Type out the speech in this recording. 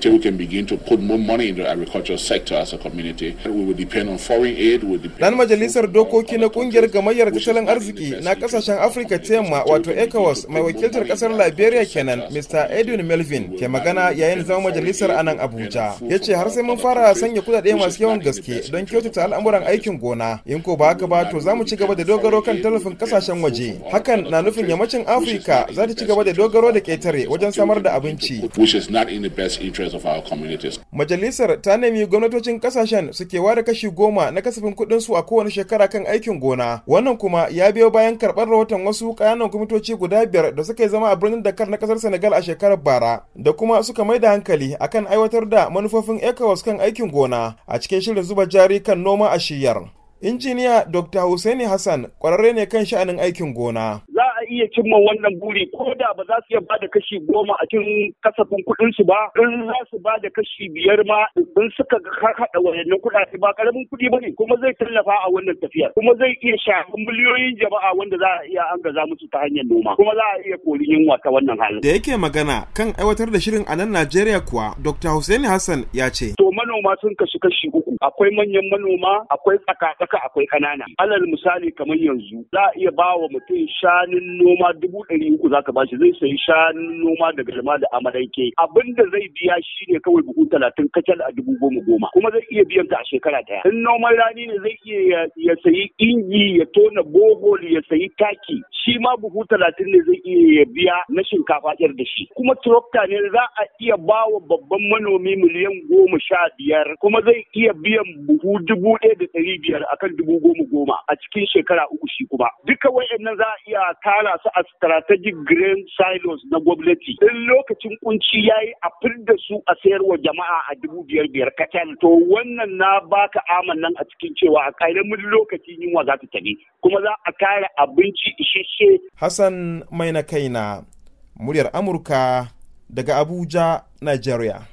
until we can begin to put more money into the agricultural sector as a community. We will depend on foreign aid. We depend Dan majalisar dokoki na kungiyar gamayyar tattalin arziki na kasashen afrika ta wato ECOWAS mai wakiltar kasar Liberia kenan Mr. Edwin Melvin ke magana yayin zama majalisar anan Abuja. Ya ce har sai mun fara sanya kudade masu yawan gaske don kyautata al'amuran aikin gona. In ko ba haka ba to za mu ci gaba da dogaro kan tallafin kasashen waje. Hakan na nufin yammacin Afirka za ta ci gaba da dogaro da ketare wajen samar da abinci. Which is not in the best interest of our communities. Majalisar ta nemi gwamnatocin kasashen suke ke ware kashi goma na kasafin kuɗin su a kowane shekara kan aikin gona. Wannan kuma ya biyo bayan karɓar rahoton wasu kayanan gwamnatoci guda biyar da suka zama a birnin Dakar na ƙasar Senegal a shekarar bara da kuma suka mai da hankali akan aiwatar da manufofin ECOWAS kan aikin gona a cikin shirin zuba jari kan noma a shiyar. Injiniya Dr. Hussaini Hassan ƙwararre ne kan sha'anin aikin gona. Za iya cimma wannan buri ko da ba za su iya ba da kashi goma a cikin kasafin kuɗinsu ba in za su ba da kashi biyar ma in suka haɗa wayannan kuɗaɗe ba karamin kuɗi ba ne kuma zai tallafa a wannan tafiyar kuma zai iya shafin miliyoyin jama'a wanda za a iya angaza musu ta hanyar noma kuma za a iya kori yunwa ta wannan halin. Da yake magana kan aiwatar da shirin a nan Najeriya kuwa Dr. Hussein Hassan ya ce. To manoma sun kashi kashi uku akwai manyan manoma akwai tsaka-tsaka akwai kanana alal misali kamar yanzu za a iya ba wa mutum shanun noma dubu ɗari uku za ka bashi zai sayi shanun noma da galma da amalanke abin da zai biya shi ne kawai buhu talatin kacal a dubu goma goma kuma zai iya biyan ta a shekara ɗaya in noman rani ne zai iya ya sayi inji ya tona bohol ya sayi taki shi ma buhu talatin ne zai iya ya biya na shinkafa da shi kuma turokta ne za a iya ba wa babban manomi miliyan goma sha biyar kuma zai iya biyan buhu dubu ɗaya da ɗari biyar a kan dubu goma goma a cikin shekara uku shi kuma duka nan za a iya tara su a strategic grain silos na gwamnati in lokacin kunci yi a da su a sayarwa jama'a a dubu biyar biyar kacal to wannan na baka amannan a cikin cewa a ƙaramin lokaci yunwa za ta tafi kuma za a kare abinci isasshe Hassan mai na kaina muryar Amurka daga Abuja, Nigeria.